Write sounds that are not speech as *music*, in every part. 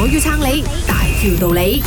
我要撐你，大條道理。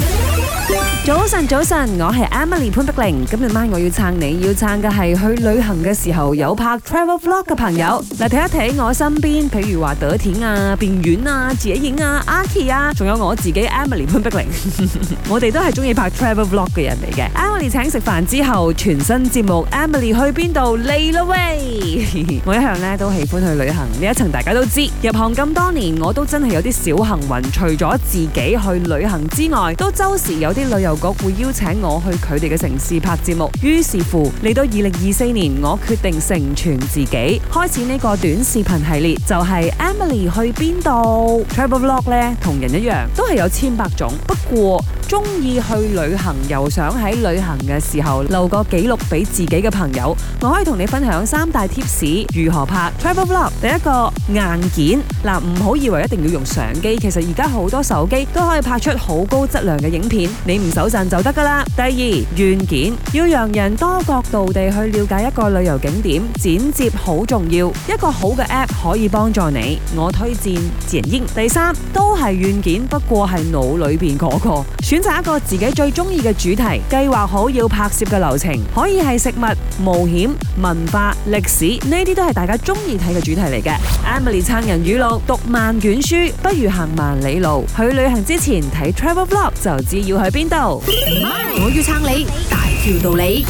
早晨，早晨，我係 Emily 潘碧玲。今日晚我要撐你，要撐嘅係去旅行嘅時候有拍 travel vlog 嘅朋友。嗱，睇一睇我身邊，譬如話朵田啊、邊遠啊、自己影啊、阿 Key 啊，仲有我自己 Emily 潘碧玲。 *laughs* 我哋都係中意拍 travel vlog 嘅人嚟嘅。Emily 請食飯之後全新節目，Emily 去邊度？嚟啦喂！ *laughs* 我一向呢都喜歡去旅行，呢一層大家都知。入行咁多年，我都真係有啲小幸運，除咗自己去旅行之外，都周時有啲旅遊。郵局會邀請我去佢哋嘅城市拍節目，於是乎嚟到二零二四年，我決定成全自己，開始呢個短視頻系列，就係、是、Emily 去邊度 Travel Vlog 呢，同人一樣，都係有千百種。不過中意去旅行，又想喺旅行嘅時候留個記錄俾自己嘅朋友，我可以同你分享三大貼士，如何拍 Travel Vlog。第一個硬件，嗱，唔好以為一定要用相機，其實而家好多手機都可以拍出好高質量嘅影片。你唔走陣就得噶啦。第二，軟件要讓人多角度地去了解一個旅遊景點，剪接好重要。一個好嘅 app 可以幫助你。我推薦剪映。第三，都係軟件，不過係腦裏邊嗰個。選擇一個自己最中意嘅主題，計劃好要拍攝嘅流程，可以係食物、冒險、文化、歷史呢啲都係大家中意睇嘅主題嚟嘅。Emily 撐人語錄：讀萬卷書不如行萬里路。去旅行之前睇 travel vlog 就知要去邊度。我要撐你，大條道理。